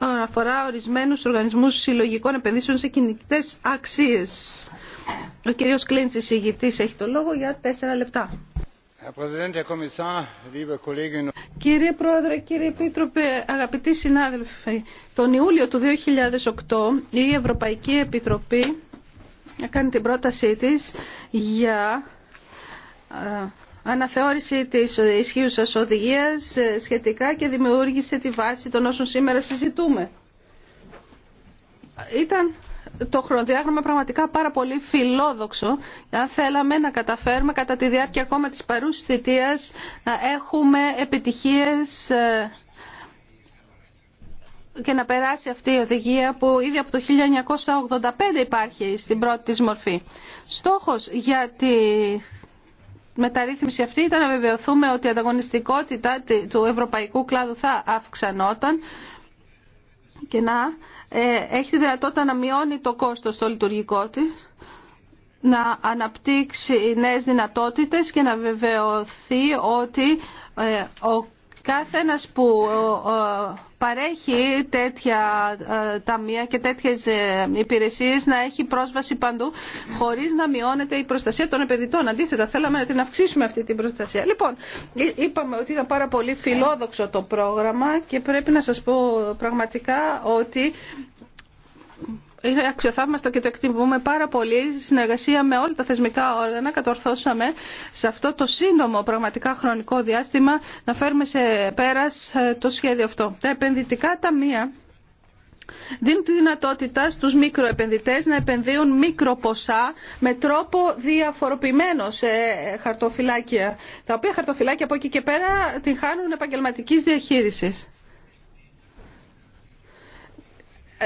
αφορά ορισμένου οργανισμού συλλογικών επενδύσεων σε κινητές αξίε. Ο κύριος Κλίντ, εισηγητή, έχει το λόγο για τέσσερα λεπτά. Κύριε Πρόεδρε, κύριε Επίτροπε, αγαπητοί συνάδελφοι, τον Ιούλιο του 2008 η Ευρωπαϊκή Επιτροπή έκανε την πρότασή της για ε, αναθεώρηση της ισχύουσας οδηγίας ε, σχετικά και δημιούργησε τη βάση των όσων σήμερα συζητούμε. Ήταν το χρονοδιάγραμμα πραγματικά πάρα πολύ φιλόδοξο. Αν θέλαμε να καταφέρουμε κατά τη διάρκεια ακόμα της παρούσης θητείας να έχουμε επιτυχίες ε, και να περάσει αυτή η οδηγία που ήδη από το 1985 υπάρχει στην πρώτη της μορφή. Στόχος για τη μεταρρύθμιση αυτή ήταν να βεβαιωθούμε ότι η ανταγωνιστικότητα του ευρωπαϊκού κλάδου θα αυξανόταν και να ε, έχει τη δυνατότητα να μειώνει το κόστος στο λειτουργικό της να αναπτύξει νέες δυνατότητες και να βεβαιωθεί ότι ε, ο Κάθε ένας που παρέχει τέτοια ε, ταμεία και τέτοιες ε, υπηρεσίες να έχει πρόσβαση παντού χωρίς να μειώνεται η προστασία των επενδυτών. Αντίθετα, θέλαμε να την αυξήσουμε αυτή την προστασία. Λοιπόν, είπαμε ότι ήταν πάρα πολύ φιλόδοξο το πρόγραμμα και πρέπει να σας πω πραγματικά ότι είναι αξιοθαύμαστο και το εκτιμούμε πάρα πολύ. Στη συνεργασία με όλα τα θεσμικά όργανα κατορθώσαμε σε αυτό το σύντομο πραγματικά χρονικό διάστημα να φέρουμε σε πέρας ε, το σχέδιο αυτό. Τα επενδυτικά ταμεία δίνουν τη δυνατότητα στους μικροεπενδυτές να επενδύουν μικροποσά με τρόπο διαφοροποιημένο σε χαρτοφυλάκια, τα οποία χαρτοφυλάκια από εκεί και πέρα την χάνουν επαγγελματικής διαχείρισης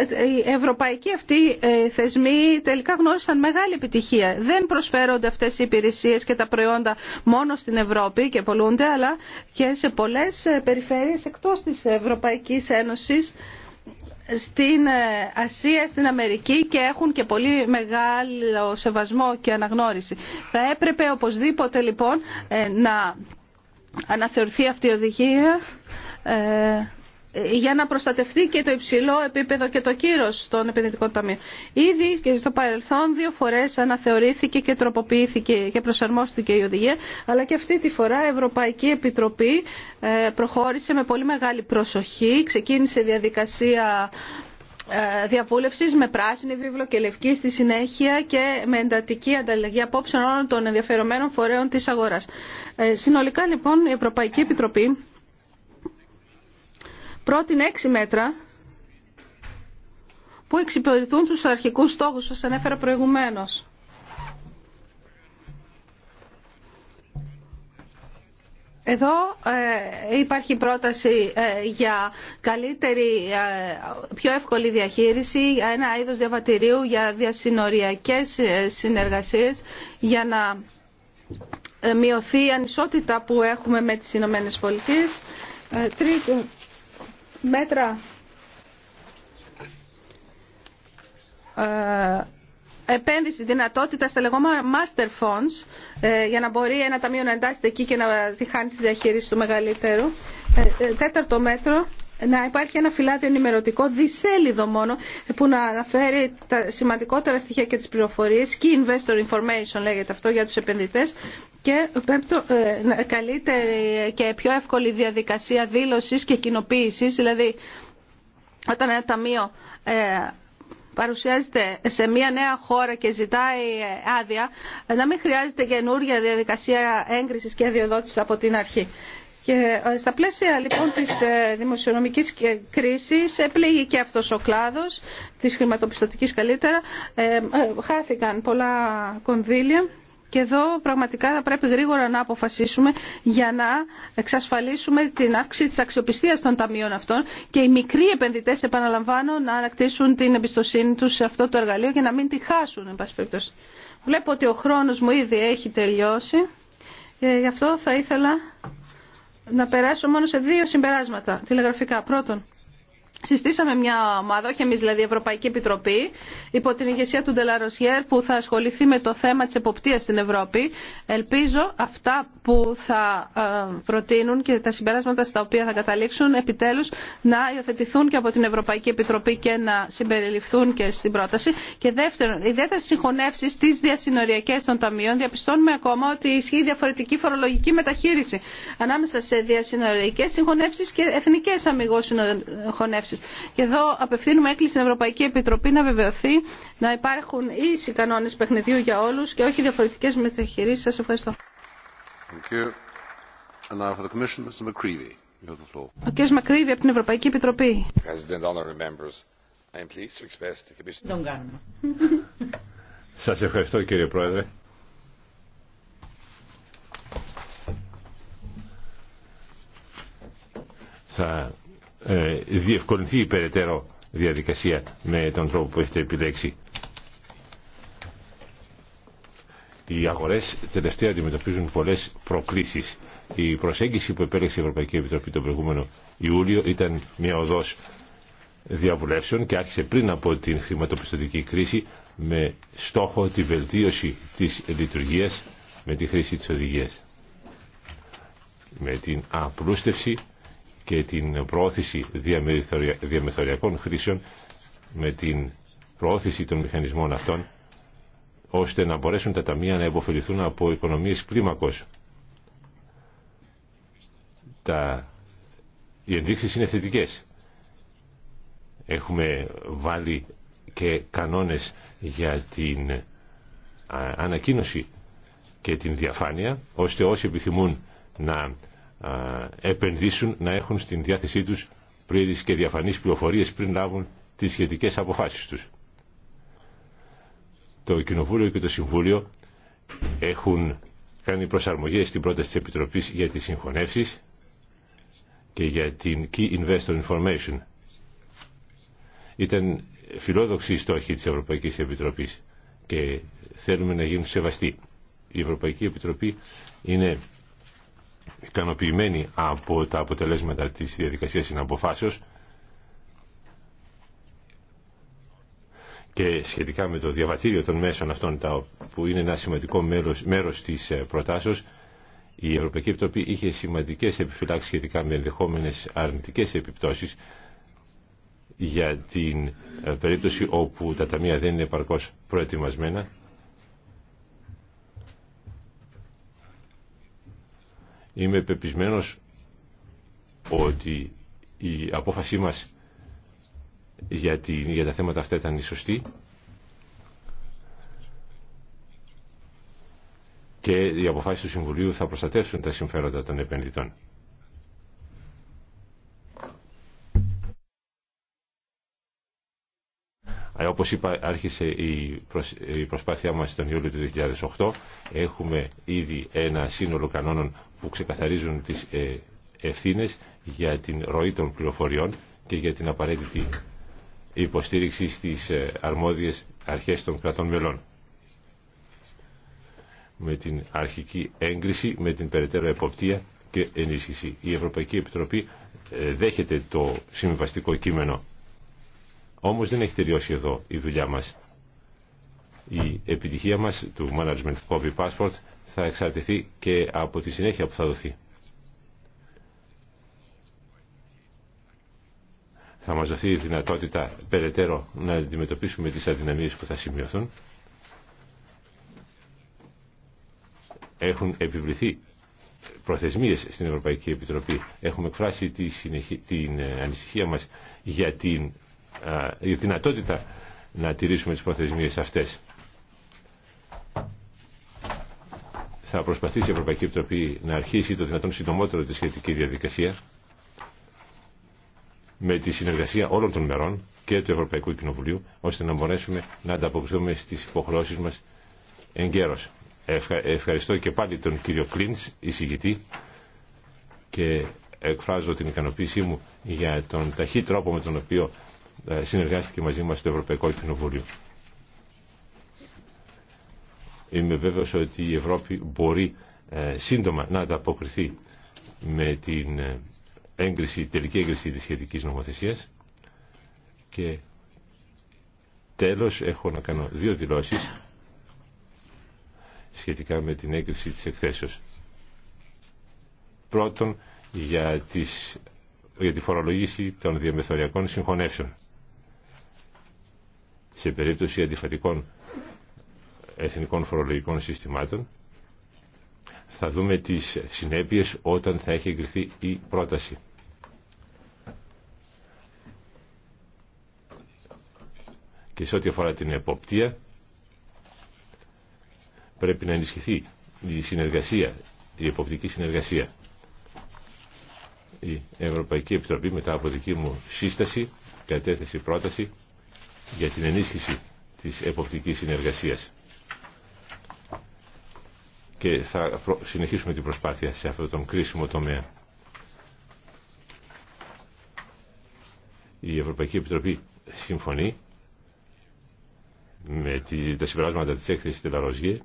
οι ευρωπαϊκοί αυτοί ε, θεσμοί τελικά γνώρισαν μεγάλη επιτυχία. Δεν προσφέρονται αυτές οι υπηρεσίες και τα προϊόντα μόνο στην Ευρώπη και πολλούνται, αλλά και σε πολλές ε, περιφέρειες εκτός της Ευρωπαϊκής Ένωσης στην ε, Ασία, στην Αμερική και έχουν και πολύ μεγάλο σεβασμό και αναγνώριση. Θα έπρεπε οπωσδήποτε λοιπόν να αναθεωρηθεί αυτή η οδηγία για να προστατευτεί και το υψηλό επίπεδο και το κύρος των επενδυτικών ταμείων. Ήδη και στο παρελθόν δύο φορές αναθεωρήθηκε και τροποποιήθηκε και προσαρμόστηκε η οδηγία, αλλά και αυτή τη φορά η Ευρωπαϊκή Επιτροπή ε, προχώρησε με πολύ μεγάλη προσοχή, ξεκίνησε διαδικασία ε, διαβούλευσης με πράσινη βίβλο και λευκή στη συνέχεια και με εντατική ανταλλαγή απόψεων όλων των ενδιαφερομένων φορέων της αγοράς. Ε, συνολικά λοιπόν η Ευρωπαϊκή Επιτροπή πρότεινε έξι μέτρα που εξυπηρετούν τους αρχικούς στόχους που σας ανέφερα προηγουμένως. Εδώ ε, υπάρχει πρόταση ε, για καλύτερη, ε, πιο εύκολη διαχείριση, ένα είδος διαβατηρίου για διασυνοριακές συνεργασίες για να μειωθεί η ανισότητα που έχουμε με τις Ηνωμένε Πολιτείες μέτρα ε, επένδυση δυνατότητα στα λεγόμενα master funds ε, για να μπορεί ένα ταμείο να εντάσσεται εκεί και να τη χάνει τη διαχείριση του μεγαλύτερου. Ε, τέταρτο μέτρο να υπάρχει ένα φυλάδιο ενημερωτικό δισέλιδο μόνο που να αναφέρει τα σημαντικότερα στοιχεία και τις πληροφορίες και investor information λέγεται αυτό για τους επενδυτές και πέμπτο, ε, καλύτερη και πιο εύκολη διαδικασία δήλωσης και κοινοποίησης δηλαδή όταν ένα ταμείο ε, παρουσιάζεται σε μια νέα χώρα και ζητάει ε, άδεια, να μην χρειάζεται καινούργια διαδικασία έγκρισης και αδειοδότησης από την αρχή. Και ε, στα πλαίσια λοιπόν της ε, δημοσιονομικής κρίσης έπληγε και αυτός ο κλάδος της χρηματοπιστωτικής καλύτερα. Ε, χάθηκαν πολλά κονδύλια και εδώ πραγματικά θα πρέπει γρήγορα να αποφασίσουμε για να εξασφαλίσουμε την αύξηση της αξιοπιστίας των ταμείων αυτών και οι μικροί επενδυτές, επαναλαμβάνω, να ανακτήσουν την εμπιστοσύνη του σε αυτό το εργαλείο για να μην τη χάσουν, εν Βλέπω ότι ο χρόνος μου ήδη έχει τελειώσει. Γι' αυτό θα ήθελα να περάσω μόνο σε δύο συμπεράσματα τηλεγραφικά. Πρώτον, Συστήσαμε μια ομάδα, όχι εμεί δηλαδή, Ευρωπαϊκή Επιτροπή, υπό την ηγεσία του Ντελαροσιέρ, που θα ασχοληθεί με το θέμα τη εποπτείας στην Ευρώπη. Ελπίζω αυτά που θα ε, προτείνουν και τα συμπεράσματα στα οποία θα καταλήξουν επιτέλου να υιοθετηθούν και από την Ευρωπαϊκή Επιτροπή και να συμπεριληφθούν και στην πρόταση. Και δεύτερον, ιδιαίτερα στι συγχωνεύσει τη διασυνοριακέ των ταμείων, διαπιστώνουμε ακόμα ότι ισχύει διαφορετική φορολογική μεταχείριση ανάμεσα σε διασυνοριακέ συγχωνεύσει και εθνικέ αμυγό συγχωνεύσει και εδώ απευθύνουμε έκκληση στην Ευρωπαϊκή Επιτροπή να βεβαιωθεί να υπάρχουν ίσοι κανόνες παιχνιδιού για όλους και όχι διαφορετικές μεταχειρίσεις. Σας ευχαριστώ. Ο κ. Μακρύβη από την Ευρωπαϊκή Επιτροπή. Τον Σας ευχαριστώ κύριε Πρόεδρε. Θα ε, διευκολυνθεί η περαιτέρω διαδικασία με τον τρόπο που έχετε επιλέξει. Οι αγορές τελευταία αντιμετωπίζουν πολλές προκλήσεις. Η προσέγγιση που επέλεξε η Ευρωπαϊκή Επιτροπή τον προηγούμενο Ιούλιο ήταν μια οδός διαβουλεύσεων και άρχισε πριν από την χρηματοπιστωτική κρίση με στόχο τη βελτίωση της λειτουργίας με τη χρήση της οδηγίας. Με την απλούστευση και την προώθηση διαμεθοριακών χρήσεων με την προώθηση των μηχανισμών αυτών ώστε να μπορέσουν τα ταμεία να υποφεληθούν από οικονομίες κλίμακος. Τα... Οι ενδείξεις είναι θετικές. Έχουμε βάλει και κανόνες για την ανακοίνωση και την διαφάνεια, ώστε όσοι επιθυμούν να επενδύσουν να έχουν στην διάθεσή τους πλήρες και διαφανείς πληροφορίες πριν λάβουν τις σχετικές αποφάσεις τους. Το Κοινοβούλιο και το Συμβούλιο έχουν κάνει προσαρμογές στην πρόταση της Επιτροπής για τις συγχωνεύσεις και για την Key Investor Information. Ήταν φιλόδοξη η στόχη της Ευρωπαϊκής Επιτροπής και θέλουμε να γίνουν σεβαστοί. Η Ευρωπαϊκή Επιτροπή είναι ικανοποιημένοι από τα αποτελέσματα της διαδικασίας συναποφάσεως και σχετικά με το διαβατήριο των μέσων αυτών που είναι ένα σημαντικό μέρος, μέρος της ε, προτάσεως η Ευρωπαϊκή Επιτροπή είχε σημαντικές επιφυλάξεις σχετικά με ενδεχόμενες αρνητικές επιπτώσεις για την ε, περίπτωση όπου τα ταμεία δεν είναι παρκώς προετοιμασμένα Είμαι πεπισμένος ότι η απόφασή μας για, τα θέματα αυτά ήταν η σωστή και οι αποφάσεις του Συμβουλίου θα προστατεύσουν τα συμφέροντα των επενδυτών. Ε, όπως είπα, άρχισε η προσπάθειά μας τον Ιούλιο του 2008. Έχουμε ήδη ένα σύνολο κανόνων που ξεκαθαρίζουν τις ε, ευθύνες για την ροή των πληροφοριών και για την απαραίτητη υποστήριξη στις ε, αρμόδιες αρχές των κρατών μελών. Με την αρχική έγκριση, με την περαιτέρω εποπτεία και ενίσχυση. Η Ευρωπαϊκή Επιτροπή ε, δέχεται το συμβαστικό κείμενο. Όμως δεν έχει τελειώσει εδώ η δουλειά μας. Η επιτυχία μας του Management Copy Passport θα εξαρτηθεί και από τη συνέχεια που θα δοθεί. Θα μας δοθεί η δυνατότητα περαιτέρω να αντιμετωπίσουμε τις αδυναμίες που θα σημειωθούν. Έχουν επιβληθεί προθεσμίες στην Ευρωπαϊκή Επιτροπή. Έχουμε εκφράσει τη την ε, ανησυχία μας για την, ε, δυνατότητα να τηρήσουμε τις προθεσμίες αυτές. θα προσπαθήσει η Ευρωπαϊκή Επιτροπή να αρχίσει το δυνατόν συντομότερο τη σχετική διαδικασία με τη συνεργασία όλων των μερών και του Ευρωπαϊκού Κοινοβουλίου, ώστε να μπορέσουμε να ανταποκριθούμε στις υποχρεώσεις μας εγκαίρως. Ευχαριστώ και πάλι τον κύριο Κλίντς, εισηγητή, και εκφράζω την ικανοποίησή μου για τον ταχύ τρόπο με τον οποίο ε, συνεργάστηκε μαζί μας το Ευρωπαϊκό Κοινοβούλιο. Είμαι βέβαιος ότι η Ευρώπη μπορεί ε, σύντομα να ανταποκριθεί με την ε, έγκριση, τελική έγκριση της σχετικής νομοθεσίας και τέλος έχω να κάνω δύο δηλώσεις σχετικά με την έγκριση της εκθέσεως. Πρώτον, για, τις, για τη φορολογήση των διαμεθοριακών συγχωνεύσεων. Σε περίπτωση αντιφατικών εθνικών φορολογικών συστημάτων. Θα δούμε τις συνέπειες όταν θα έχει εγκριθεί η πρόταση. Και σε ό,τι αφορά την εποπτεία, πρέπει να ενισχυθεί η συνεργασία, η εποπτική συνεργασία. Η Ευρωπαϊκή Επιτροπή μετά από δική μου σύσταση κατέθεση πρόταση για την ενίσχυση της εποπτικής συνεργασίας και θα συνεχίσουμε την προσπάθεια σε αυτόν τον κρίσιμο τομέα. Η Ευρωπαϊκή Επιτροπή συμφωνεί με τα συμπεράσματα της έκθεσης Τελαροζιέ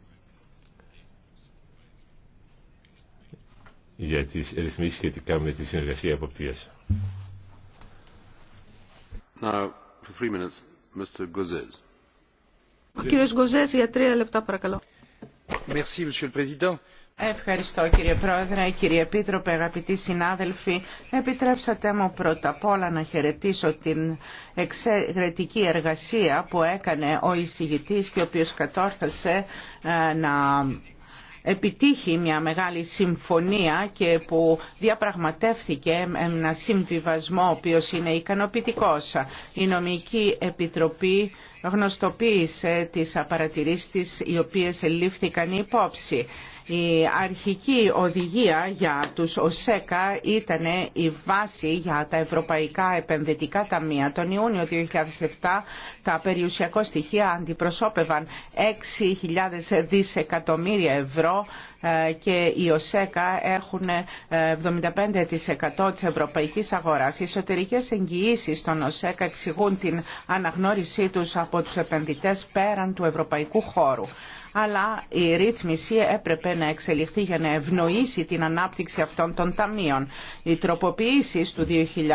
για τις ρυθμίσεις σχετικά με τη συνεργασία εποπτείας. Ο κύριος Γκοζές για τρία λεπτά παρακαλώ. Ευχαριστώ κύριε Πρόεδρε, κύριε Επίτροπε, αγαπητοί συνάδελφοι. Επιτρέψατε μου πρώτα απ' όλα να χαιρετήσω την εξαιρετική εργασία που έκανε ο εισηγητής και ο οποίος κατόρθασε ε, να επιτύχει μια μεγάλη συμφωνία και που διαπραγματεύθηκε ένα συμβιβασμό ο οποίος είναι ικανοποιητικός. Η Νομική Επιτροπή γνωστοποίησε τις απαρατηρήσεις οι οποίες λήφθηκαν υπόψη. Η αρχική οδηγία για τους ΟΣΕΚΑ ήταν η βάση για τα Ευρωπαϊκά Επενδυτικά Ταμεία. Τον Ιούνιο 2007 τα περιουσιακό στοιχεία αντιπροσώπευαν 6.000 δισεκατομμύρια ευρώ ε, και οι ΟΣΕΚΑ έχουν 75% ε, της ευρωπαϊκής αγοράς. Οι εσωτερικές εγγυήσεις των ΟΣΕΚΑ εξηγούν την αναγνώρισή τους από τους επενδυτές πέραν του ευρωπαϊκού χώρου αλλά η ρύθμιση έπρεπε να εξελιχθεί για να ευνοήσει την ανάπτυξη αυτών των ταμείων. Οι τροποποιήσεις του 2001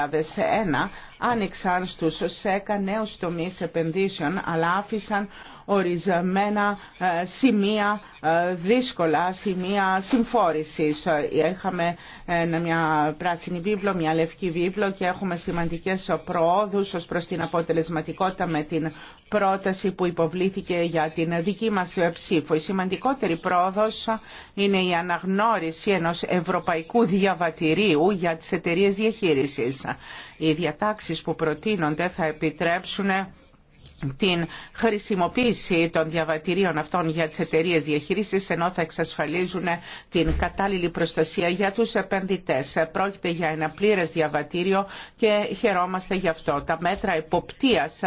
άνοιξαν στους ΣΕΚΑ νέους τομείς επενδύσεων, αλλά άφησαν ορισμένα ε, σημεία ε, δύσκολα, σημεία συμφόρησης. Έχαμε ε, μια πράσινη βίβλο, μια λευκή βίβλο και έχουμε σημαντικές προόδους ως προς την αποτελεσματικότητα με την πρόταση που υποβλήθηκε για την δική μας ψήφο. Η σημαντικότερη πρόοδος είναι η αναγνώριση ενός ευρωπαϊκού διαβατηρίου για τις εταιρείε διαχείρισης. Οι διατάξεις που προτείνονται θα επιτρέψουν την χρησιμοποίηση των διαβατηρίων αυτών για τις εταιρείε διαχείρισης ενώ θα εξασφαλίζουν την κατάλληλη προστασία για τους επενδυτές. Πρόκειται για ένα πλήρες διαβατήριο και χαιρόμαστε γι' αυτό. Τα μέτρα υποπτίας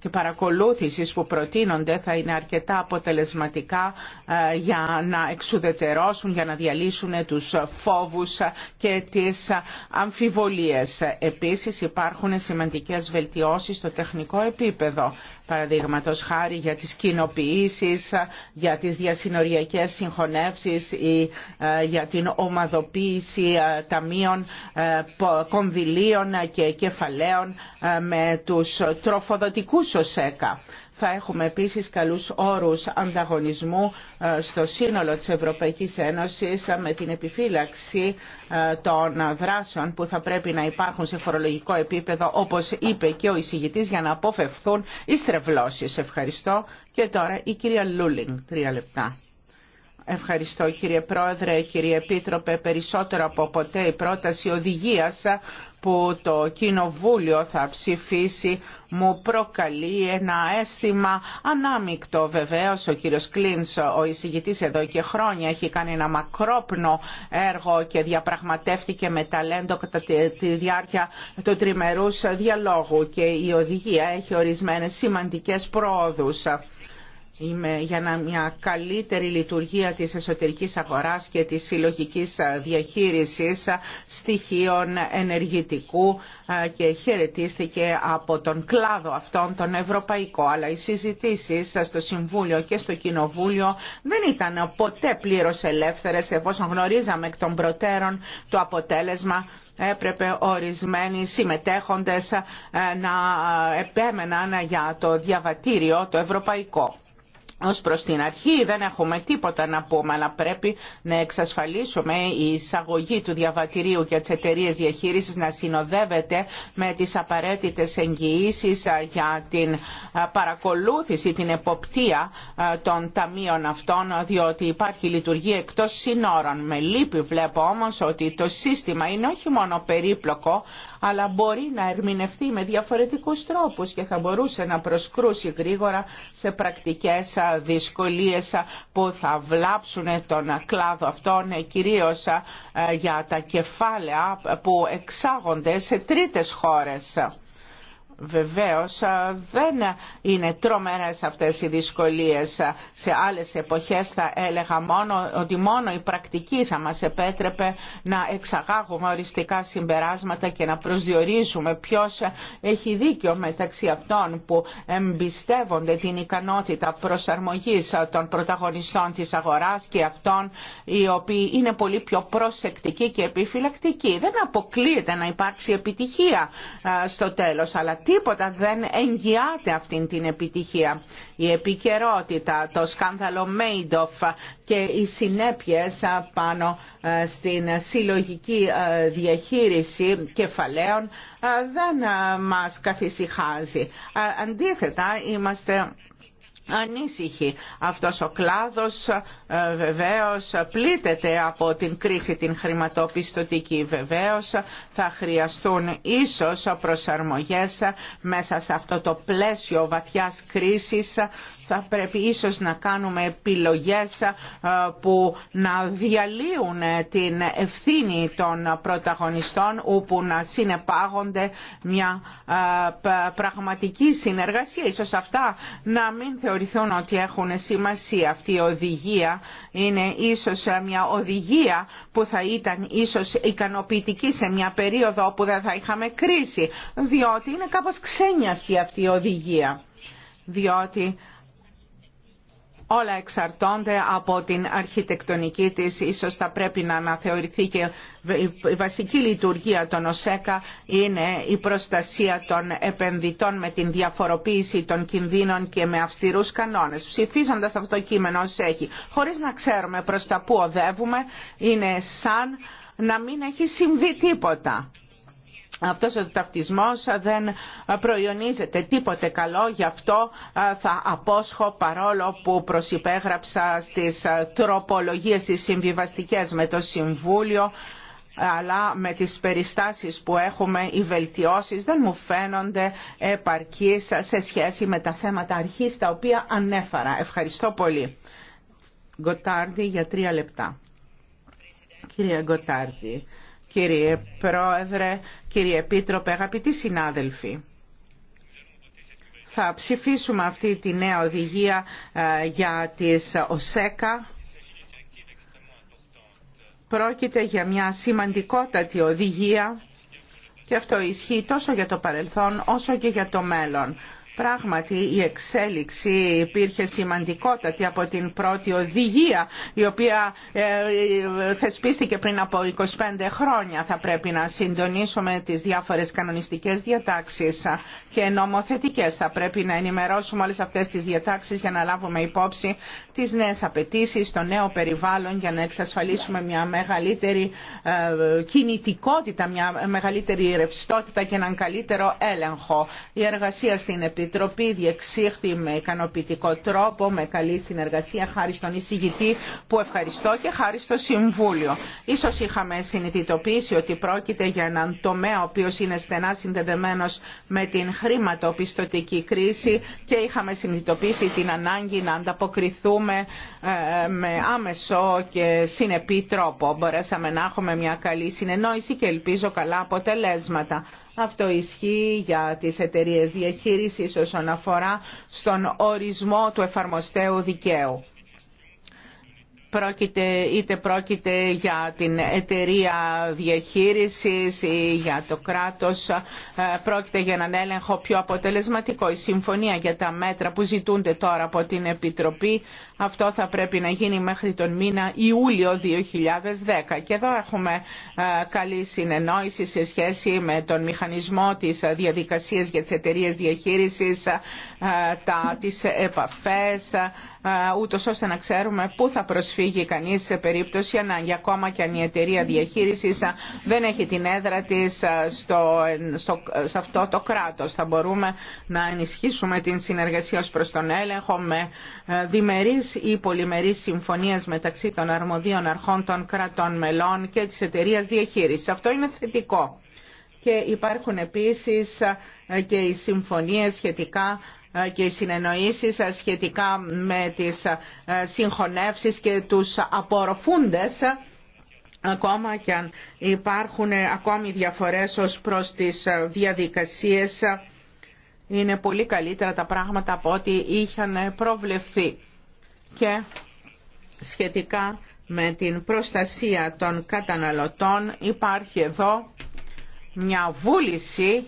και παρακολούθησης που προτείνονται θα είναι αρκετά αποτελεσματικά ε, για να εξουδετερώσουν, για να διαλύσουν τους φόβους και τις αμφιβολίες. Επίσης υπάρχουν σημαντικές βελτιώσεις στο τεχνικό επίπεδο. Παραδείγματο χάρη για τις κοινοποιήσει, για τις διασυνοριακές συγχωνεύσεις ή ε, για την ομαδοποίηση ε, ταμείων, ε, κονδυλίων και κεφαλαίων με τους τροφοδοτικούς ΟΣΕΚΑ. Θα έχουμε επίσης καλούς όρους ανταγωνισμού ε, στο σύνολο της Ευρωπαϊκής Ένωσης ε, με την επιφύλαξη ε, των δράσεων που θα πρέπει να υπάρχουν σε φορολογικό επίπεδο όπως είπε και ο εισηγητής για να αποφευθούν οι στρεβλώσεις. Ευχαριστώ. Και τώρα η κυρία Λούλινγκ, τρία λεπτά. Ευχαριστώ κύριε Πρόεδρε, κύριε Επίτροπε. Περισσότερο από ποτέ η πρόταση οδηγίας που το Κοινοβούλιο θα ψηφίσει μου προκαλεί ένα αίσθημα ανάμεικτο βεβαίως ο κύριος Κλίνς ο εισηγητής εδώ και χρόνια έχει κάνει ένα μακρόπνο έργο και διαπραγματεύτηκε με ταλέντο κατά τη διάρκεια του τριμερούς διαλόγου και η οδηγία έχει ορισμένες σημαντικές πρόοδους Είμαι για μια καλύτερη λειτουργία της εσωτερικής αγοράς και της συλλογικής διαχείρισης στοιχείων ενεργητικού και χαιρετίστηκε από τον κλάδο αυτόν τον ευρωπαϊκό. Αλλά οι συζητήσει στο Συμβούλιο και στο Κοινοβούλιο δεν ήταν ποτέ πλήρω ελεύθερες εφόσον γνωρίζαμε εκ των προτέρων το αποτέλεσμα έπρεπε ορισμένοι συμμετέχοντες να επέμεναν για το διαβατήριο το ευρωπαϊκό ως προ την αρχή δεν έχουμε τίποτα να πούμε, αλλά πρέπει να εξασφαλίσουμε η εισαγωγή του διαβατηρίου για τι εταιρείε διαχείριση να συνοδεύεται με τις απαραίτητες εγγυήσει για την παρακολούθηση, την εποπτεία των ταμείων αυτών, διότι υπάρχει λειτουργία εκτός συνόρων. Με λύπη βλέπω όμως ότι το σύστημα είναι όχι μόνο περίπλοκο, αλλά μπορεί να ερμηνευτεί με διαφορετικούς τρόπους και θα μπορούσε να προσκρούσει γρήγορα σε πρακτικές δυσκολίες που θα βλάψουν τον κλάδο αυτόν κυρίως ε, για τα κεφάλαια που εξάγονται σε τρίτες χώρες Βεβαίως δεν είναι τρομερές αυτές οι δυσκολίες. Σε άλλες εποχές θα έλεγα μόνο ότι μόνο η πρακτική θα μας επέτρεπε να εξαγάγουμε οριστικά συμπεράσματα και να προσδιορίζουμε ποιος έχει δίκιο μεταξύ αυτών που εμπιστεύονται την ικανότητα προσαρμογής των πρωταγωνιστών της αγοράς και αυτών οι οποίοι είναι πολύ πιο προσεκτικοί και επιφυλακτικοί. Δεν αποκλείεται να υπάρξει επιτυχία στο τέλος, αλλά τίποτα δεν εγγυάται αυτήν την επιτυχία. Η επικαιρότητα, το σκάνδαλο Μέιντοφ και οι συνέπειες πάνω ε, στην συλλογική ε, διαχείριση κεφαλαίων ε, δεν μας καθησυχάζει. Αντίθετα, είμαστε ανήσυχη. Αυτός ο κλάδος ε, βεβαίως πλήττεται από την κρίση την χρηματοπιστωτική. Βεβαίως θα χρειαστούν ίσως προσαρμογές μέσα σε αυτό το πλαίσιο βαθιάς κρίσης. Θα πρέπει ίσως να κάνουμε επιλογές ε, που να διαλύουν την ευθύνη των πρωταγωνιστών όπου να συνεπάγονται μια ε, πραγματική συνεργασία. Ίσως αυτά να μην θεωρηθούν ότι έχουν σημασία. Αυτή η οδηγία είναι ίσως μια οδηγία που θα ήταν ίσως ικανοποιητική σε μια περίοδο όπου δεν θα είχαμε κρίση, διότι είναι κάπως ξένιαστη αυτή η οδηγία. Διότι όλα εξαρτώνται από την αρχιτεκτονική της. Ίσως θα πρέπει να αναθεωρηθεί και η βασική λειτουργία των ΟΣΕΚΑ είναι η προστασία των επενδυτών με την διαφοροποίηση των κινδύνων και με αυστηρούς κανόνες. Ψηφίζοντας αυτό το κείμενο ως έχει, χωρίς να ξέρουμε προς τα που οδεύουμε, είναι σαν να μην έχει συμβεί τίποτα αυτός ο ταυτισμός δεν προϊονίζεται τίποτε καλό, γι' αυτό θα απόσχω παρόλο που προσυπέγραψα στις τροπολογίες, στις συμβιβαστικές με το Συμβούλιο, αλλά με τις περιστάσεις που έχουμε οι βελτιώσεις δεν μου φαίνονται επαρκείς σε σχέση με τα θέματα αρχής τα οποία ανέφερα. Ευχαριστώ πολύ. για τρία λεπτά. Κύριε Πρόεδρε, κύριε Επίτροπε, αγαπητοί συνάδελφοι, θα ψηφίσουμε αυτή τη νέα οδηγία ε, για τις ΟΣΕΚΑ. Πρόκειται για μια σημαντικότατη οδηγία και αυτό ισχύει τόσο για το παρελθόν όσο και για το μέλλον. Πράγματι η εξέλιξη υπήρχε σημαντικότατη από την πρώτη οδηγία η οποία ε, ε, θεσπίστηκε πριν από 25 χρόνια. Θα πρέπει να συντονίσουμε τις διάφορες κανονιστικές διατάξεις και νομοθετικές. Θα πρέπει να ενημερώσουμε όλες αυτές τις διατάξεις για να λάβουμε υπόψη τις νέες απαιτήσει, το νέο περιβάλλον για να εξασφαλίσουμε μια μεγαλύτερη ε, κινητικότητα, μια μεγαλύτερη ρευστότητα και έναν καλύτερο έλεγχο. Η εργασία στην Επιτροπή Επιτροπή διεξήχθη με ικανοποιητικό τρόπο, με καλή συνεργασία, χάρη στον εισηγητή που ευχαριστώ και χάρη στο Συμβούλιο. Ίσως είχαμε συνειδητοποιήσει ότι πρόκειται για έναν τομέα ο οποίος είναι στενά συνδεδεμένος με την χρηματοπιστωτική κρίση και είχαμε συνειδητοποιήσει την ανάγκη να ανταποκριθούμε ε, με άμεσο και συνεπή τρόπο. Μπορέσαμε να έχουμε μια καλή συνεννόηση και ελπίζω καλά αποτελέσματα. Αυτό ισχύει για τις εταιρείες διαχείρισης όσον αφορά στον ορισμό του εφαρμοστέου δικαίου είτε πρόκειται για την εταιρεία διαχείρισης ή για το κράτος, ε, πρόκειται για έναν έλεγχο πιο αποτελεσματικό. Η συμφωνία για τα μέτρα που ζητούνται τώρα από την Επιτροπή, αυτό θα πρέπει να γίνει μέχρι τον μήνα Ιούλιο 2010. Και εδώ έχουμε ε, καλή συνεννόηση σε σχέση με τον μηχανισμό της διαδικασίας για τις εταιρείε διαχείρισης, ε, τις επαφές, ούτως ώστε να ξέρουμε πού θα προσφύγει κανείς σε περίπτωση ανάγκη ακόμα και αν η εταιρεία διαχείρισης δεν έχει την έδρα της στο, σε αυτό το κράτος. Θα μπορούμε να ενισχύσουμε την συνεργασία ως προς τον έλεγχο με ε, διμερείς ή πολυμερείς συμφωνίες μεταξύ των αρμοδίων αρχών των κρατών μελών και της εταιρείας διαχείρισης. Αυτό είναι θετικό και υπάρχουν επίσης και οι συμφωνίες σχετικά ε, και οι συνεννοήσεις ε, σχετικά με τις ε, συγχωνεύσεις και τους απορροφούντες ακόμα και αν υπάρχουν ακόμη διαφορές ως προς τις διαδικασίες είναι πολύ καλύτερα τα πράγματα από ό,τι είχαν προβλεφθεί και σχετικά με την προστασία των καταναλωτών υπάρχει εδώ μια βούληση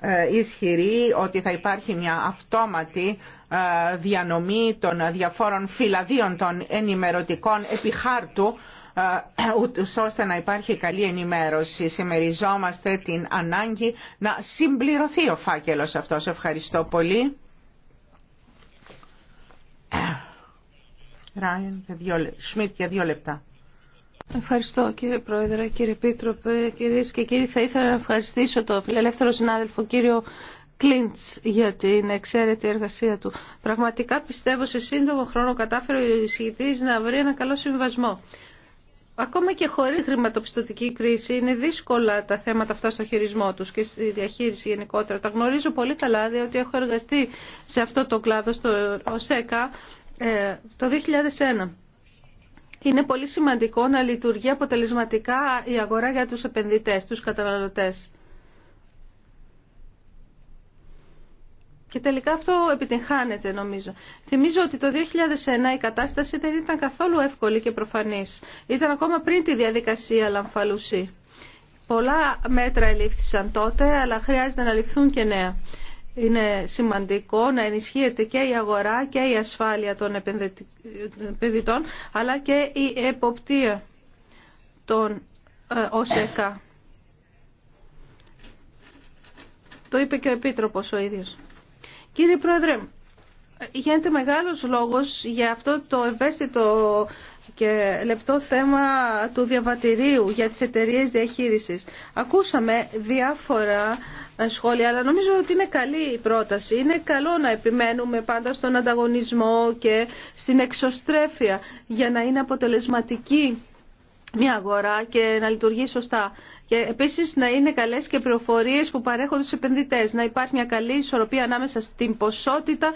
ε, ισχυρή ότι θα υπάρχει μια αυτόματη ε, διανομή των διαφόρων φυλαδίων των ενημερωτικών επιχάρτου ε, ώστε να υπάρχει καλή ενημέρωση. Σημεριζόμαστε την ανάγκη να συμπληρωθεί ο φάκελος αυτός. Ευχαριστώ πολύ. Ράιν, για δύο λεπτά. Ευχαριστώ κύριε Πρόεδρε, κύριε Πίτροπε, κύριε και κύριοι. Θα ήθελα να ευχαριστήσω τον φιλελεύθερο συνάδελφο κύριο Κλίντς για την εξαίρετη εργασία του. Πραγματικά πιστεύω σε σύντομο χρόνο κατάφερε ο εισηγητή να βρει ένα καλό συμβασμό. Ακόμα και χωρί χρηματοπιστωτική κρίση είναι δύσκολα τα θέματα αυτά στο χειρισμό του και στη διαχείριση γενικότερα. Τα γνωρίζω πολύ καλά διότι έχω εργαστεί σε αυτό το κλάδο στο ΟΣΕΚΑ ε, το 2001. Είναι πολύ σημαντικό να λειτουργεί αποτελεσματικά η αγορά για τους επενδυτές, τους καταναλωτές. Και τελικά αυτό επιτυγχάνεται νομίζω. Θυμίζω ότι το 2001 η κατάσταση δεν ήταν καθόλου εύκολη και προφανής. Ήταν ακόμα πριν τη διαδικασία λαμφαλουσή. Πολλά μέτρα ελήφθησαν τότε, αλλά χρειάζεται να ληφθούν και νέα. Είναι σημαντικό να ενισχύεται και η αγορά και η ασφάλεια των επενδυτών, αλλά και η εποπτεία των ε, ΟΣΕΚΑ. Το είπε και ο Επίτροπος ο ίδιος. Κύριε Πρόεδρε, γίνεται μεγάλος λόγος για αυτό το ευαίσθητο και λεπτό θέμα του διαβατηρίου για τις εταιρείες διαχείρισης. Ακούσαμε διάφορα ε, σχόλια, αλλά νομίζω ότι είναι καλή η πρόταση. Είναι καλό να επιμένουμε πάντα στον ανταγωνισμό και στην εξωστρέφεια για να είναι αποτελεσματική μια αγορά και να λειτουργεί σωστά. Και επίσης να είναι καλέ και πληροφορίε που παρέχονται στους επενδυτέ, Να υπάρχει μια καλή ισορροπία ανάμεσα στην ποσότητα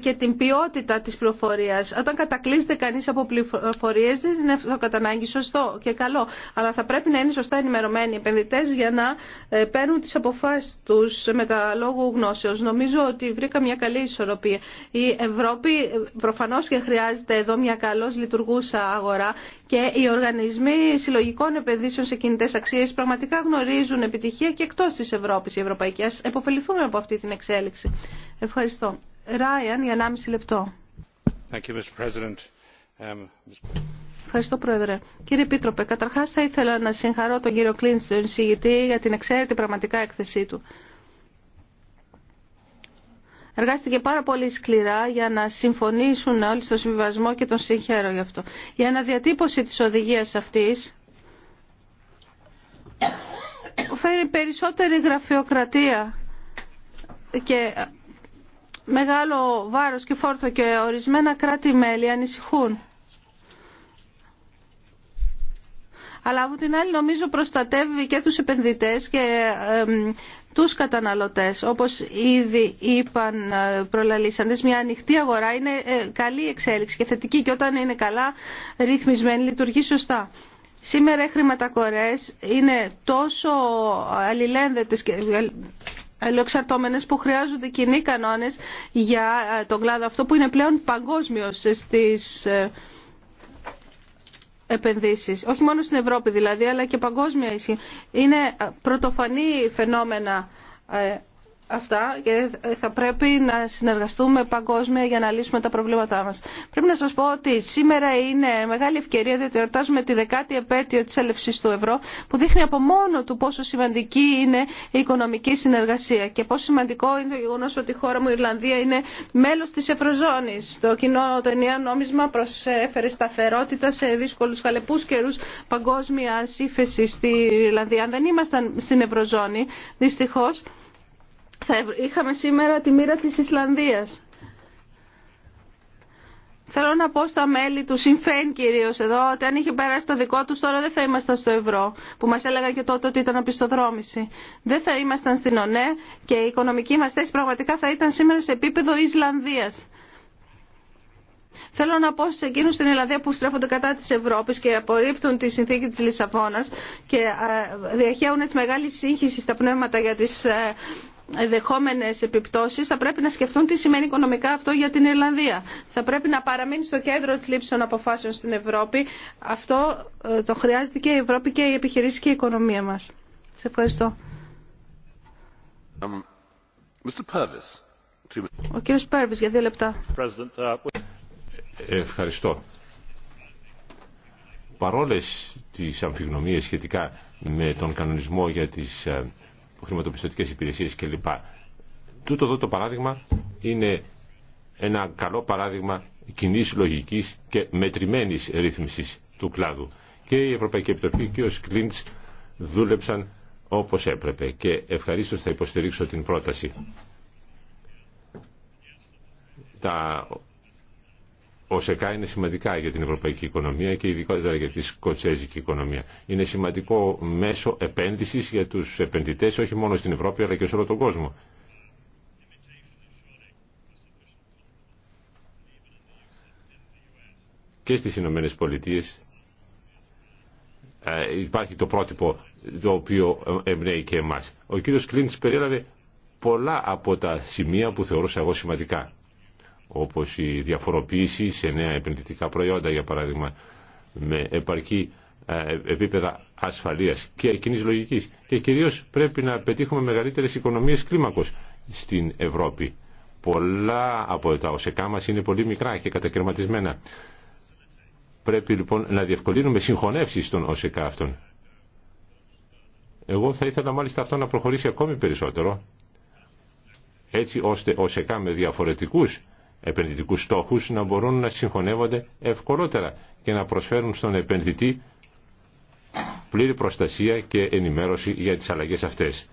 και την ποιότητα τη πληροφορία. Όταν κατακλείζεται κανεί από πληροφορίε, δεν είναι αυτό κατά ανάγκη σωστό και καλό. Αλλά θα πρέπει να είναι σωστά ενημερωμένοι οι επενδυτέ για να ε, παίρνουν τι αποφάσεις του με τα λόγου γνώσεως. Νομίζω ότι βρήκα μια καλή ισορροπία. Η Ευρώπη ε, προφανώ και χρειάζεται εδώ μια καλώ, λειτουργούσα αγορά και οι οργανισμοί συλλογικών επενδύσεων σε κινητέ αξίε πραγματικά γνωρίζουν επιτυχία και εκτός της Ευρώπης οι ευρωπαϊκές. Εποφεληθούμε από αυτή την εξέλιξη. Ευχαριστώ. Ράιαν για 1,5 λεπτό. Thank you, Mr. President. Um, Ευχαριστώ, Πρόεδρε. Κύριε Επίτροπε, καταρχά θα ήθελα να συγχαρώ τον κύριο Κλίντ, τον εισηγητή, για την εξαίρετη πραγματικά έκθεσή του. Εργάστηκε πάρα πολύ σκληρά για να συμφωνήσουν όλοι στο συμβιβασμό και τον συγχαίρω γι' αυτό. Η αναδιατύπωση τη οδηγία αυτή φέρει περισσότερη γραφειοκρατία και μεγάλο βάρος και φόρτο και ορισμένα κράτη-μέλη ανησυχούν. Αλλά από την άλλη νομίζω προστατεύει και τους επενδυτές και τους καταναλωτές. Όπως ήδη είπαν ε, προλαλήσαντες, μια ανοιχτή αγορά είναι ε, καλή εξέλιξη και θετική και όταν είναι καλά ρυθμισμένη λειτουργεί σωστά. Σήμερα οι χρηματακορές είναι τόσο αλληλένδετες και αλληλοεξαρτώμενες που χρειάζονται κοινοί κανόνες για ε, τον κλάδο αυτό που είναι πλέον παγκόσμιος στις ε, επενδύσεις. Όχι μόνο στην Ευρώπη δηλαδή, αλλά και παγκόσμια ισχύ. Είναι πρωτοφανή φαινόμενα ε, αυτά και θα πρέπει να συνεργαστούμε παγκόσμια για να λύσουμε τα προβλήματά μας. Πρέπει να σας πω ότι σήμερα είναι μεγάλη ευκαιρία διότι εορτάζουμε τη δεκάτη επέτειο της έλευσης του ευρώ που δείχνει από μόνο του πόσο σημαντική είναι η οικονομική συνεργασία και πόσο σημαντικό είναι το γεγονός ότι η χώρα μου η Ιρλανδία είναι μέλος της Ευρωζώνης. Το κοινό το ενιαίο νόμισμα προσέφερε σταθερότητα σε δύσκολους χαλεπούς καιρούς παγκόσμια ύφεση στη Ιρλανδία. Αν δεν ήμασταν στην Ευρωζώνη, δυστυχώς, θα είχαμε σήμερα τη μοίρα της Ισλανδίας. Θέλω να πω στα μέλη του Συμφέν κυρίω εδώ ότι αν είχε περάσει το δικό του τώρα δεν θα ήμασταν στο ευρώ που μα έλεγαν και τότε ότι ήταν οπισθοδρόμηση. Δεν θα ήμασταν στην ΟΝΕ και η οικονομική μα θέση πραγματικά θα ήταν σήμερα σε επίπεδο Ισλανδία. Θέλω να πω σε εκείνου στην Ελλάδα που στρέφονται κατά τη Ευρώπη και απορρίπτουν τη συνθήκη τη Λισαβόνα και ε, διαχέουν έτσι μεγάλη σύγχυση στα πνεύματα για τι ε, δεχόμενες επιπτώσεις θα πρέπει να σκεφτούν τι σημαίνει οικονομικά αυτό για την Ιρλανδία. Θα πρέπει να παραμείνει στο κέντρο της λήψης των αποφάσεων στην Ευρώπη. Αυτό ε, το χρειάζεται και η Ευρώπη και η επιχειρήσει και η οικονομία μας. Σε ευχαριστώ. Um, Ο κύριος Πέρβης για δύο λεπτά. Uh, ευχαριστώ. Παρόλες τις αμφιγνωμίες σχετικά με τον κανονισμό για τις ε, χρηματοπιστωτικές υπηρεσίε κλπ. Τούτο εδώ το παράδειγμα είναι ένα καλό παράδειγμα κοινή λογική και μετρημένη ρύθμιση του κλάδου. Και η Ευρωπαϊκή Επιτροπή και ο Σκλίντ δούλεψαν όπω έπρεπε και ευχαρίστω θα υποστηρίξω την πρόταση. Τα ο ΣΕΚΑ είναι σημαντικά για την ευρωπαϊκή οικονομία και ειδικότερα για τη σκοτσέζικη οικονομία. Είναι σημαντικό μέσο επένδυση για του επενδυτέ όχι μόνο στην Ευρώπη αλλά και σε όλο τον κόσμο. Και στι Ηνωμένε Πολιτείε ε, υπάρχει το πρότυπο το οποίο εμπνέει και εμά. Ο κύριο Κλίντ περιέλαβε πολλά από τα σημεία που θεωρούσα εγώ σημαντικά όπως η διαφοροποίηση σε νέα επενδυτικά προϊόντα για παράδειγμα με επαρκή ε, επίπεδα ασφαλείας και κοινή λογικής και κυρίως πρέπει να πετύχουμε μεγαλύτερες οικονομίες κλίμακος στην Ευρώπη. Πολλά από τα οσεκά μας είναι πολύ μικρά και κατακαιρματισμένα. Πρέπει λοιπόν να διευκολύνουμε συγχωνεύσεις των οσεκά αυτών. Εγώ θα ήθελα μάλιστα αυτό να προχωρήσει ακόμη περισσότερο έτσι ώστε οσεκά με διαφορετικούς επενδυτικούς στόχους να μπορούν να συγχωνεύονται ευκολότερα και να προσφέρουν στον επενδυτή πλήρη προστασία και ενημέρωση για τις αλλαγές αυτές.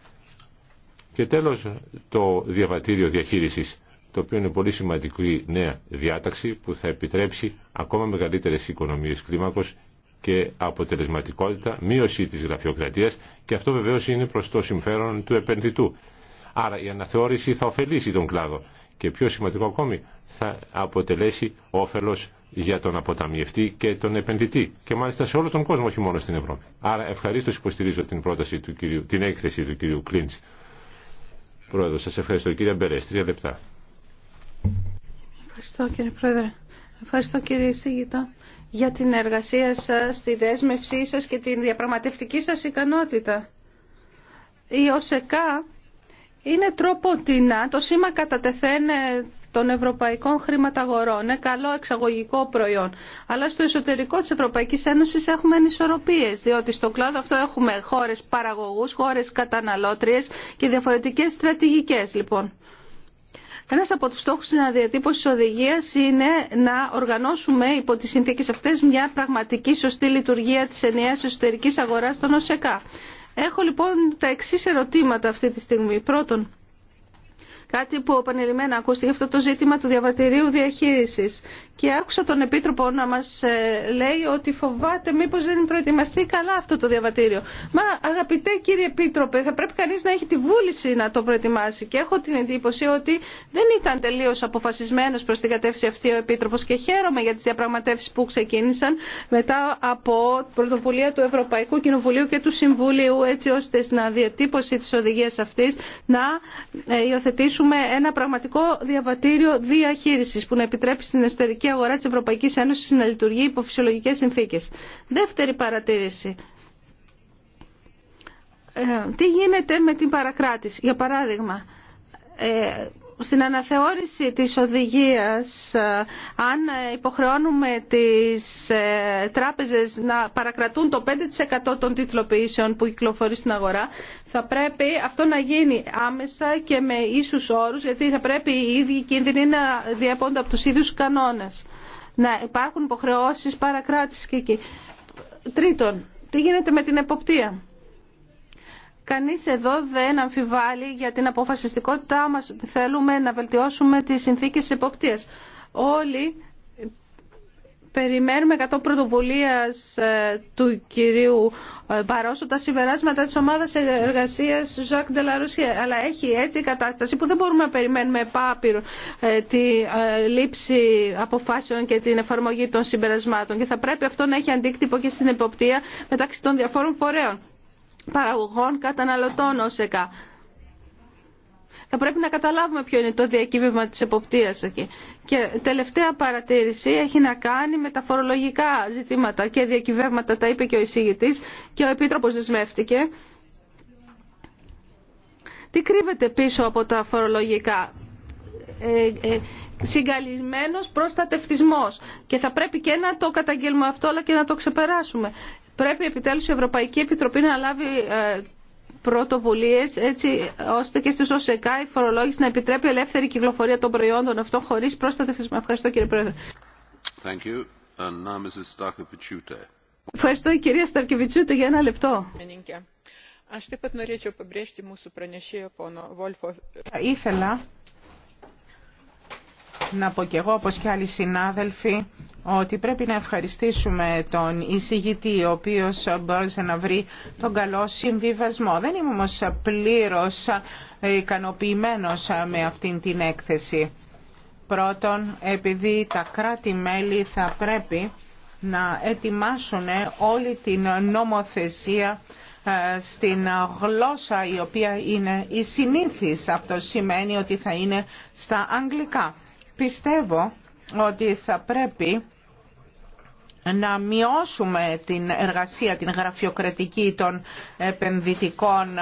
Και τέλος το διαβατήριο διαχείρισης, το οποίο είναι πολύ σημαντική νέα διάταξη που θα επιτρέψει ακόμα μεγαλύτερες οικονομίες κλίμακος και αποτελεσματικότητα, μείωση της γραφειοκρατίας και αυτό βεβαίως είναι προς το συμφέρον του επενδυτού. Άρα η αναθεώρηση θα ωφελήσει τον κλάδο και πιο σημαντικό ακόμη θα αποτελέσει όφελος για τον αποταμιευτή και τον επενδυτή και μάλιστα σε όλο τον κόσμο, όχι μόνο στην Ευρώπη. Άρα ευχαρίστω υποστηρίζω την, πρόταση του κυρίου, την έκθεση του κυρίου Κλίντς. Πρόεδρο, σας ευχαριστώ. Κύριε Μπερές, τρία λεπτά. Ευχαριστώ κύριε Πρόεδρε. Ευχαριστώ κύριε Σίγητα για την εργασία σας, τη δέσμευσή σας και την διαπραγματευτική σας ικανότητα. Η ΟΣΕΚΑ είναι τρόπο να το σήμα κατά των ευρωπαϊκών χρηματαγορών. Είναι καλό εξαγωγικό προϊόν. Αλλά στο εσωτερικό της Ευρωπαϊκής Ένωσης έχουμε ανισορροπίες, διότι στο κλάδο αυτό έχουμε χώρες παραγωγούς, χώρες καταναλώτριες και διαφορετικές στρατηγικές λοιπόν. Ένας από τους στόχους της αναδιατύπωσης οδηγίας είναι να οργανώσουμε υπό τις συνθήκες αυτές μια πραγματική σωστή λειτουργία της ενιαίας εσωτερικής αγοράς των ΟΣΕΚΑ. Έχω λοιπόν τα εξής ερωτήματα αυτή τη στιγμή. Πρώτον, Κάτι που επανειλημμένα ακούστηκε αυτό το ζήτημα του διαβατηρίου διαχείρισης. Και άκουσα τον Επίτροπο να μας ε, λέει ότι φοβάται μήπως δεν προετοιμαστεί καλά αυτό το διαβατήριο. Μα αγαπητέ κύριε Επίτροπε, θα πρέπει κανείς να έχει τη βούληση να το προετοιμάσει. Και έχω την εντύπωση ότι δεν ήταν τελείως αποφασισμένος προς την κατεύθυνση αυτή ο Επίτροπος και χαίρομαι για τις διαπραγματεύσεις που ξεκίνησαν μετά από πρωτοβουλία του Ευρωπαϊκού Κοινοβουλίου και του Συμβουλίου έτσι ώστε στην αδιατύπωση της οδηγίας αυτής να ε, υιοθετήσουμε δημιουργήσουμε ένα πραγματικό διαβατήριο διαχείριση που να επιτρέπει στην εσωτερική αγορά τη Ευρωπαϊκή Ένωση να λειτουργεί υπό φυσιολογικέ συνθήκε. Δεύτερη παρατήρηση. Ε, τι γίνεται με την παρακράτηση. Για παράδειγμα, ε, στην αναθεώρηση της οδηγίας ε, αν υποχρεώνουμε τις ε, τράπεζες να παρακρατούν το 5% των τίτλοποιήσεων που κυκλοφορεί στην αγορά θα πρέπει αυτό να γίνει άμεσα και με ίσους όρους γιατί θα πρέπει οι ίδιοι κίνδυνοι να διαπώνται από τους ίδιους κανόνες. Να υπάρχουν υποχρεώσεις παρακράτησης και εκεί. Τρίτον, τι γίνεται με την εποπτεία. Κανείς εδώ δεν αμφιβάλλει για την αποφασιστικότητά μας ότι θέλουμε να βελτιώσουμε τις συνθήκες εποπτείας. Όλοι περιμένουμε κατ' πρωτοβουλία ε, του κυρίου ε, Μπαρόσο τα συμπεράσματα της ομάδας εργασίας Ζακ Ντελαρουσία. Αλλά έχει έτσι η κατάσταση που δεν μπορούμε να περιμένουμε επάπειρο ε, τη λήψη αποφάσεων και την εφαρμογή των συμπερασμάτων. Και θα πρέπει αυτό να έχει αντίκτυπο και στην εποπτεία μεταξύ των διαφόρων φορέων παραγωγών καταναλωτών ως Θα πρέπει να καταλάβουμε ποιο είναι το διακύβευμα της εποπτείας εκεί. Και τελευταία παρατήρηση έχει να κάνει με τα φορολογικά ζητήματα και διακυβεύματα, τα είπε και ο εισηγητής και ο Επίτροπος δεσμεύτηκε. Τι κρύβεται πίσω από τα φορολογικά. Ε, ε, προστατευτισμός και θα πρέπει και να το καταγγέλουμε αυτό αλλά και να το ξεπεράσουμε. Πρέπει επιτέλους η Ευρωπαϊκή Επιτροπή να λάβει ε, πρωτοβουλίες έτσι ώστε και στους ΟΣΕΚΑ η φορολόγηση να επιτρέπει ελεύθερη κυκλοφορία των προϊόντων αυτών χωρί θεσμό. Ευχαριστώ κύριε Πρόεδρε. Ευχαριστώ η κυρία Σταρκεβιτσούτε για ένα λεπτό. Θα ήθελα να πω και εγώ, όπως και άλλοι συνάδελφοι, ότι πρέπει να ευχαριστήσουμε τον εισηγητή, ο οποίος μπόρεσε να βρει τον καλό συμβιβασμό. Δεν είμαι όμως πλήρως ικανοποιημένος με αυτήν την έκθεση. Πρώτον, επειδή τα κράτη-μέλη θα πρέπει να ετοιμάσουν όλη την νομοθεσία ε, στην γλώσσα η οποία είναι η συνήθις. Αυτό σημαίνει ότι θα είναι στα αγγλικά. Πιστεύω ότι θα πρέπει να μειώσουμε την εργασία, την γραφειοκρατική των επενδυτικών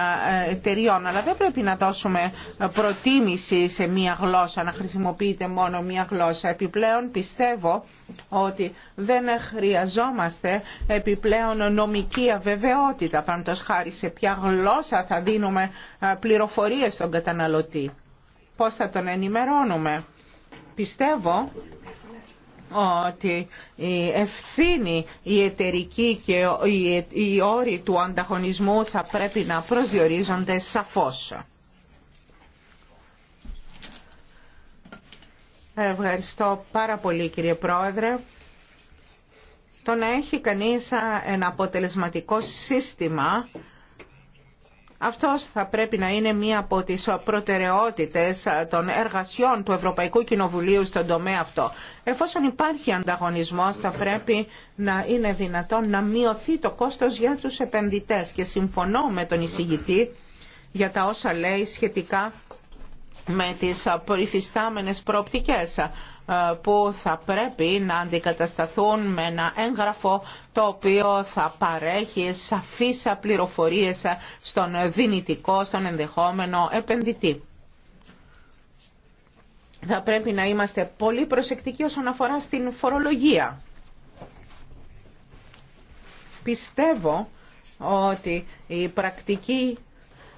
ε, εταιριών. Αλλά δεν πρέπει να δώσουμε προτίμηση σε μία γλώσσα, να χρησιμοποιείται μόνο μία γλώσσα. Επιπλέον πιστεύω ότι δεν χρειαζόμαστε επιπλέον νομική αβεβαιότητα, πάντως χάρη σε ποια γλώσσα θα δίνουμε ε, πληροφορίες στον καταναλωτή. Πώς θα τον ενημερώνουμε. Πιστεύω ότι η ευθύνη, η εταιρική και οι όροι του ανταγωνισμού θα πρέπει να προσδιορίζονται σαφώς. Ευχαριστώ πάρα πολύ κύριε Πρόεδρε. Το να έχει κανείς ένα αποτελεσματικό σύστημα αυτός θα πρέπει να είναι μία από τις προτεραιότητες των εργασιών του Ευρωπαϊκού Κοινοβουλίου στον τομέα αυτό. Εφόσον υπάρχει ανταγωνισμός θα πρέπει να είναι δυνατόν να μειωθεί το κόστος για τους επενδυτές και συμφωνώ με τον εισηγητή για τα όσα λέει σχετικά με τις υφιστάμενες προοπτικές. Ε, που θα πρέπει να αντικατασταθούν με ένα έγγραφο το οποίο θα παρέχει σαφείς πληροφορίες στον δυνητικό, στον ενδεχόμενο επενδυτή. Θα πρέπει να είμαστε πολύ προσεκτικοί όσον αφορά στην φορολογία. Πιστεύω ότι η πρακτική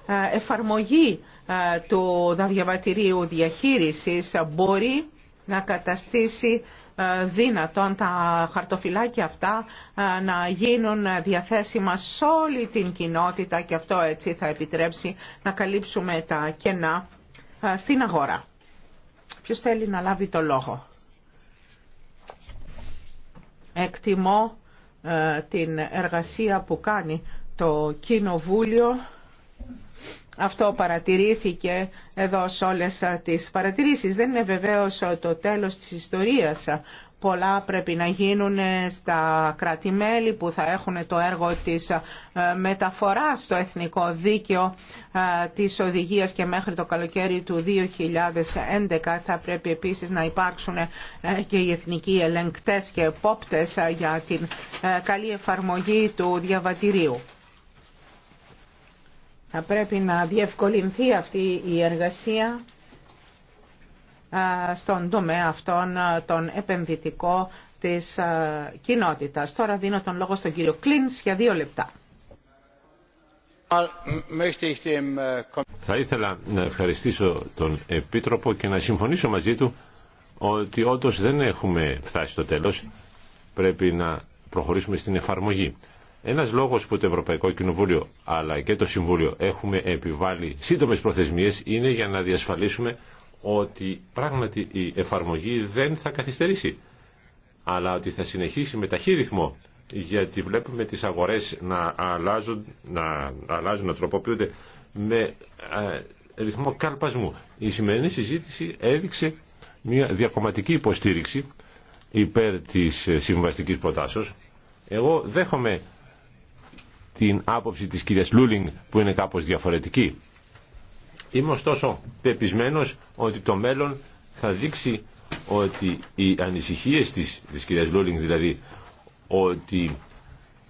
ε, εφαρμογή ε, του διαβατηρίου διαχείρισης μπορεί να καταστήσει ε, δύνατον τα χαρτοφυλάκια αυτά ε, να γίνουν διαθέσιμα σε όλη την κοινότητα και αυτό έτσι θα επιτρέψει να καλύψουμε τα κενά ε, στην αγορά. Ποιος θέλει να λάβει το λόγο. Εκτιμώ την εργασία που κάνει το Κοινοβούλιο αυτό παρατηρήθηκε εδώ σε όλες τις παρατηρήσεις. Δεν είναι βεβαίως το τέλος της ιστορίας. Πολλά πρέπει να γίνουν στα κρατη που θα έχουν το έργο της ε, μεταφοράς στο εθνικό δίκαιο ε, της οδηγίας και μέχρι το καλοκαίρι του 2011 θα πρέπει επίσης να υπάρξουν ε, και οι εθνικοί ελεγκτές και επόπτες για την καλή εφαρμογή του διαβατηρίου. Θα πρέπει να διευκολυνθεί αυτή η εργασία στον τομέα αυτόν τον επενδυτικό της κοινότητας. Τώρα δίνω τον λόγο στον κύριο Κλίνς για δύο λεπτά. Θα ήθελα να ευχαριστήσω τον Επίτροπο και να συμφωνήσω μαζί του ότι όντω δεν έχουμε φτάσει στο τέλος. Πρέπει να προχωρήσουμε στην εφαρμογή. Ένας λόγος που το Ευρωπαϊκό Κοινοβούλιο αλλά και το Συμβούλιο έχουμε επιβάλει σύντομες προθεσμίες είναι για να διασφαλίσουμε ότι πράγματι η εφαρμογή δεν θα καθυστερήσει αλλά ότι θα συνεχίσει με ταχύ ρυθμό γιατί βλέπουμε τις αγορές να αλλάζουν, να, αλλάζουν, να τροποποιούνται με ε, ρυθμό καλπασμού. Η σημερινή συζήτηση έδειξε μια διακομματική υποστήριξη υπέρ της ε, συμβαστικής προτάσεως. Εγώ δέχομαι την άποψη της κυρίας Λούλινγκ που είναι κάπως διαφορετική. Είμαι ωστόσο πεπισμένος ότι το μέλλον θα δείξει ότι οι ανησυχίες της, της κυρίας Λούλινγκ δηλαδή ότι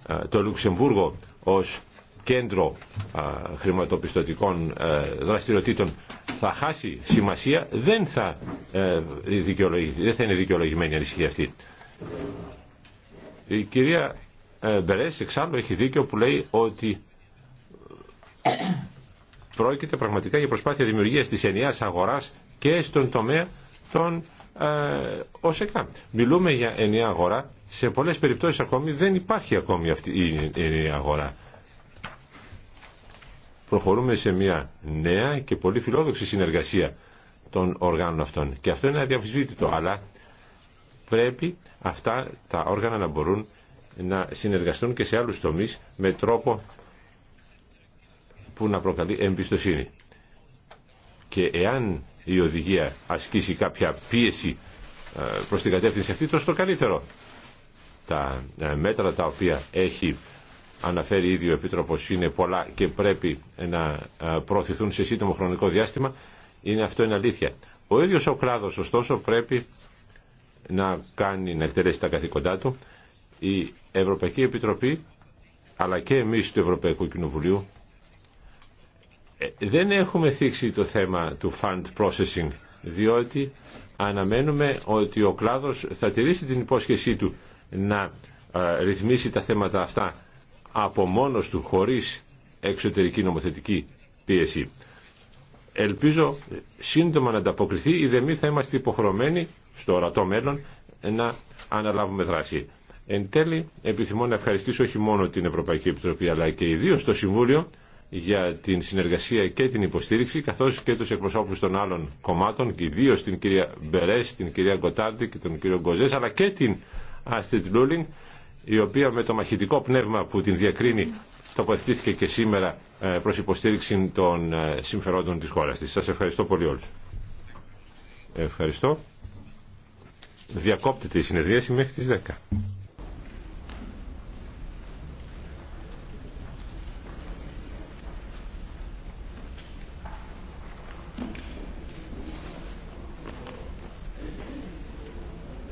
ε, το Λουξεμβούργο ως κέντρο ε, χρηματοπιστωτικών ε, δραστηριοτήτων θα χάσει σημασία δεν θα, δεν θα είναι δικαιολογημένη η ανησυχία αυτή. Η κυρία ε, Μπερές εξάλλου έχει δίκιο που λέει ότι πρόκειται πραγματικά για προσπάθεια δημιουργίας της ενιαίας αγοράς και στον τομέα των ε, ΟΣΕΚΑ. Μιλούμε για ενιαία αγορά. Σε πολλές περιπτώσεις ακόμη δεν υπάρχει ακόμη αυτή η ενιαία αγορά. Προχωρούμε σε μια νέα και πολύ φιλόδοξη συνεργασία των οργάνων αυτών. Και αυτό είναι αδιαμφισβήτητο, αλλά πρέπει αυτά τα όργανα να μπορούν να συνεργαστούν και σε άλλους τομείς με τρόπο που να προκαλεί εμπιστοσύνη. Και εάν η οδηγία ασκήσει κάποια πίεση ε, προς την κατεύθυνση αυτή, τόσο το καλύτερο. Τα ε, μέτρα τα οποία έχει αναφέρει ήδη ο Επίτροπος είναι πολλά και πρέπει να ε, προωθηθούν σε σύντομο χρονικό διάστημα, είναι αυτό είναι αλήθεια. Ο ίδιος ο κλάδος ωστόσο πρέπει να κάνει να εκτελέσει τα καθήκοντά του η Ευρωπαϊκή Επιτροπή αλλά και εμείς του Ευρωπαϊκού Κοινοβουλίου ε, δεν έχουμε θίξει το θέμα του fund processing διότι αναμένουμε ότι ο κλάδος θα τηρήσει την υπόσχεσή του να ε, ρυθμίσει τα θέματα αυτά από μόνος του χωρίς εξωτερική νομοθετική πίεση. Ελπίζω σύντομα να ανταποκριθεί ή δε θα είμαστε υποχρεωμένοι στο ορατό μέλλον να αναλάβουμε δράση. Εν τέλει, επιθυμώ να ευχαριστήσω όχι μόνο την Ευρωπαϊκή Επιτροπή, αλλά και ιδίω το Συμβούλιο για την συνεργασία και την υποστήριξη, καθώς και τους εκπροσώπους των άλλων κομμάτων, ιδίω την κυρία Μπερές, την κυρία Γκοτάρντι και τον κύριο Γκοζές, αλλά και την Άστιτ Λούλινγκ, η οποία με το μαχητικό πνεύμα που την διακρίνει τοποθετήθηκε και σήμερα ε, προς υποστήριξη των ε, συμφερόντων της χώρας της. Σας ευχαριστώ πολύ όλους. Ευχαριστώ. Διακόπτεται η συνεδρίαση μέχρι τις 10.